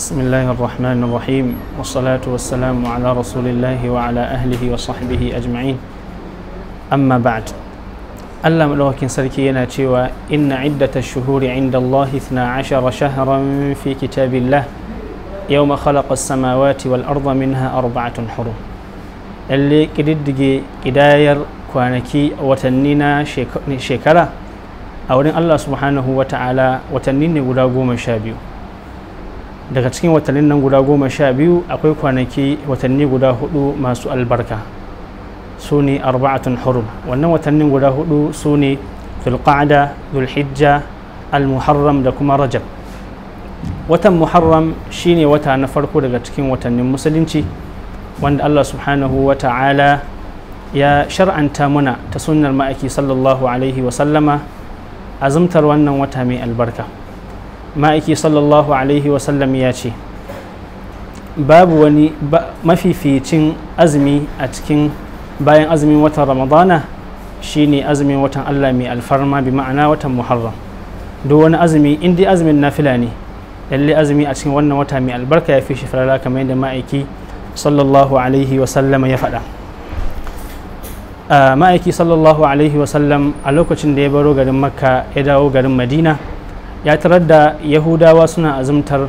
بسم الله الرحمن الرحيم والصلاة والسلام على رسول الله وعلى أهله وصحبه أجمعين أما بعد الله ملوكين سركينا تشوى إن عدة الشهور عند الله 12 شهرا في كتاب الله يوم خلق السماوات والأرض منها أربعة حرم اللي كددجي كداير kwanaki watanni na shekara a wurin allah subhanahu wa ta'ala watanni ne guda goma sha biyu daga cikin watannin nan guda goma sha biyu akwai kwanaki watanni guda hudu masu albarka su ne arba'atun hurum wannan watannin guda hudu su ne zulqa'ada zulhijja almuharram da kuma rajab watan muharram shine wata na farko daga cikin watannin musulunci wanda allah subhanahu wa ta'ala ya shar'anta muna ta sunnar ma'aiki sallallahu alaihi sallama azumtar wannan wata mai albarka ma'aiki sallallahu alaihi wasallam ya ce babu wani mafificin azumi a cikin bayan azumin watan ramadana shine azumin watan allah mai alfarma bi ma'ana watan muharram duk wani azumi in dai azumin nafila ne lalle azumi a cikin wannan wata mai albarka ya fi shi farala kamar yadda ma'aiki sallallahu alaihi wasallam ya faɗa ah, ma'aiki sallallahu alaihi wasallam a lokacin da ya baro garin makka ya dawo garin madina ya tarar da yahudawa suna azumtar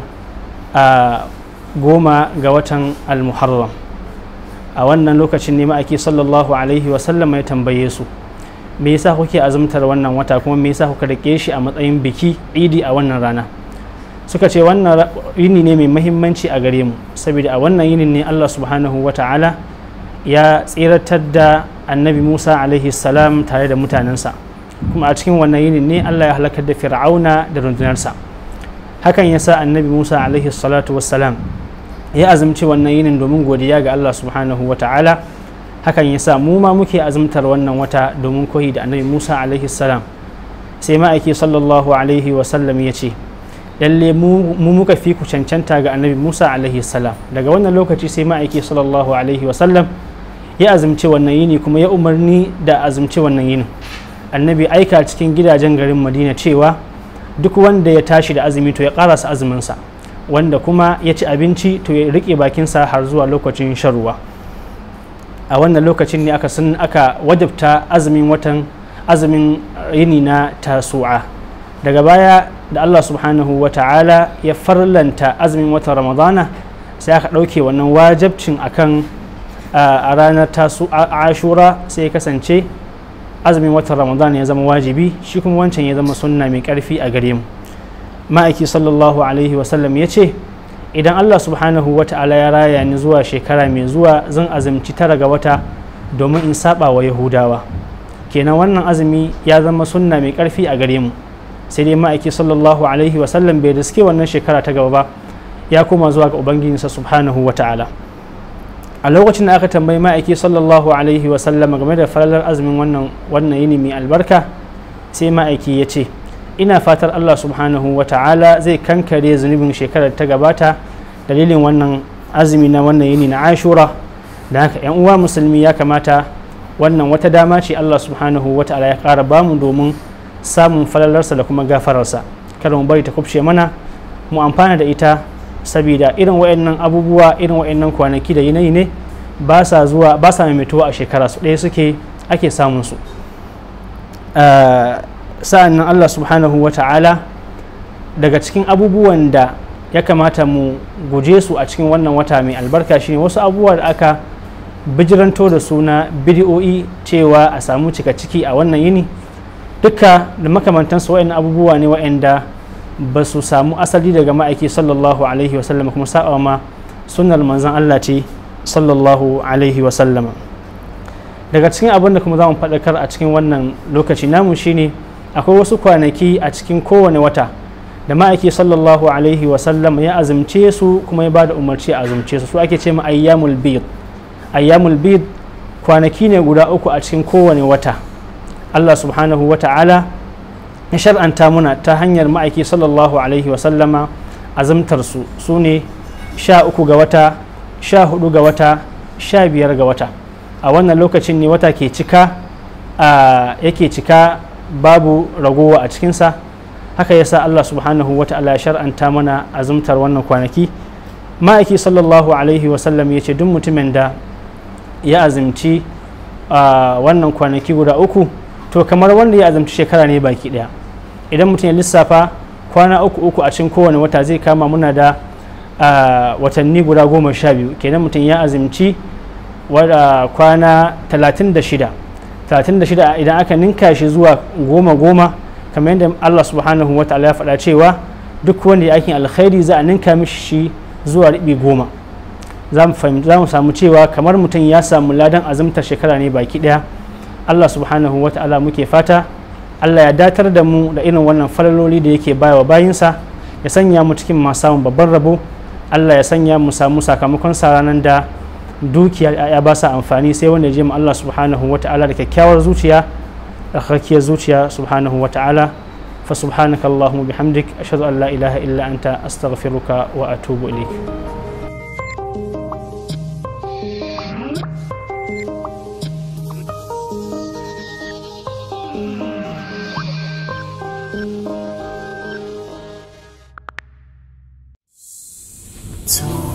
a goma ga watan almuharram a wannan lokacin ne ma'aiki sallallahu alaihi wasallam ya tambaye su me yasa kuke azumtar wannan wata kuma me yasa kuka rike shi a matsayin biki idi a wannan rana suka ce wannan yini ne mai mahimmanci a gare mu saboda a wannan yini ne Allah subhanahu ta'ala ya tsiratar da annabi Musa alaihi salam tare da mutanensa kuma a cikin wannan yinin ne Allah ya halakar da fir'auna da rundunarsa hakan ya sa annabi Musa alaihi salatu wassalam ya azumci wannan yinin domin godiya ga Allah subhanahu wa ta'ala hakan ya sa mu ma muke azumtar wannan wata domin koyi da annabi Musa alaihi salam sai ma'aiki sallallahu alaihi wasallam ya ce lalle mu muka fi ku cancanta ga annabi Musa alaihi salam daga wannan lokaci sai ma'aiki sallallahu alaihi wasallam ya azumci wannan yini kuma ya umarni da azumci wannan yinin annabi aika cikin gidajen garin madina cewa duk wanda ya tashi da azumi to ya karasa azuminsa wanda kuma ya ci abinci to ya rike bakinsa har zuwa lokacin shan a wannan lokacin ne aka sun aka wajabta azumin watan azumin yini na tasu'a daga baya da Allah subhanahu wa ta'ala ya farlanta azumin watan ramadana sai aka ɗauke wannan wajabcin akan a ranar tasu'a ashura sai ya kasance azumin watan ramadan ya zama wajibi shi kuma wancan ya zama sunna mai karfi a gare mu ma'aiki sallallahu alaihi wasallam ya ce idan allah subhanahu wa ta'ala ya raya ni zuwa shekara mai zuwa zan azumci tara ga wata domin in saba wa yahudawa kenan wannan azumi ya zama sunna mai karfi a gare mu sai dai ma'aiki sallallahu alaihi wasallam bai riske wannan shekara ta gaba ba ya koma zuwa ga ubangijinsa subhanahu wa ta'ala a lokacin da aka tambayi ma'aiki sallallahu alaihi wasallama game da falalar azumin wannan wannan yini mai albarka sai ma'aiki ya ce ina fatar allah subhanahu wa ta'ala zai kankare zunubin shekarar ta gabata dalilin wannan azumi na wannan yini na ashura da haka yan uwa musulmi ya kamata wannan wata dama ce allah subhanahu wa ta'ala ya kara bamu domin samun falalarsa da kuma gafararsa kada mu bari ta kubce mana mu amfana da ita saboda irin wayannan abubuwa irin wayannan kwanaki da yanayi ne ba sa zuwa ba sa maimaituwa a shekara su ɗaya suke ake samun su ah, sa'an nan Allah subhanahu wa ta'ala daga cikin abubuwan da ya kamata mu guje su a cikin wannan wata mai albarka shine wasu abubuwa da aka bijiranto da suna bidiyo'i cewa a samu cika ciki a wannan yini duka da makamantansu wa'in abubuwa ne wa'anda ba su samu asali daga ma'aiki sallallahu alaihi wasallam kuma sa'awa ma sunan manzan Allah ce sallallahu alaihi wasallam daga cikin abin da kuma za mu faɗakar a cikin wannan lokaci namu shine akwai wasu kwanaki a cikin kowane wata da ma'aiki sallallahu alaihi wasallam ya azumce su kuma ya ba da umarci a azumce su su ake ce ma ayyamul bid ayyamul bid kwanaki ne guda uku a cikin kowane wata Allah subhanahu wa ta'ala ya shar'anta muna ta hanyar ma'aiki sallallahu alaihi wasallama azumtarsu su ne sha uku ga wata sha hudu ga wata sha biyar ga wata a wannan lokacin ne wata ke cika yake cika babu ragowa a cikinsa haka yasa Allah subhanahu wa ta'ala shar'anta mana azumtar wannan kwanaki ma'aiki sallallahu alaihi wasallam ya ce duk mutumin da ya azumci wannan kwanaki guda uku to kamar wanda ya azumci shekara ne baki daya idan mutum ya lissafa kwana uku uku a cikin kowane wata zai kama muna da watanni guda goma sha biyu kenan mutum ya azumci kwana talatin da shida talatin da shida idan aka ninka shi zuwa goma goma kamar yadda Allah subhanahu wa ta'ala ya faɗa cewa duk wanda ya aikin alkhairi za a ninka mishi shi zuwa riɓi goma za mu samu cewa kamar mutum ya samu ladan azumta shekara ne baki ɗaya Allah subhanahu wa ta'ala muke fata Allah ya datar da mu da irin wannan falaloli da yake wa bayinsa ya sanya mu cikin masu samun babban rabo Allah ya sanya mu samu sakamakon sa ranar da dukiya ya ba sa amfani sai wanda ya je mu Allah subhanahu wa ta'ala da kyakkyawar zuciya da kakkiya zuciya subhanahu wa ta'ala fa subhanaka allahumma bihamdik ashhadu an la ilaha illa anta astaghfiruka wa atubu ilaik So.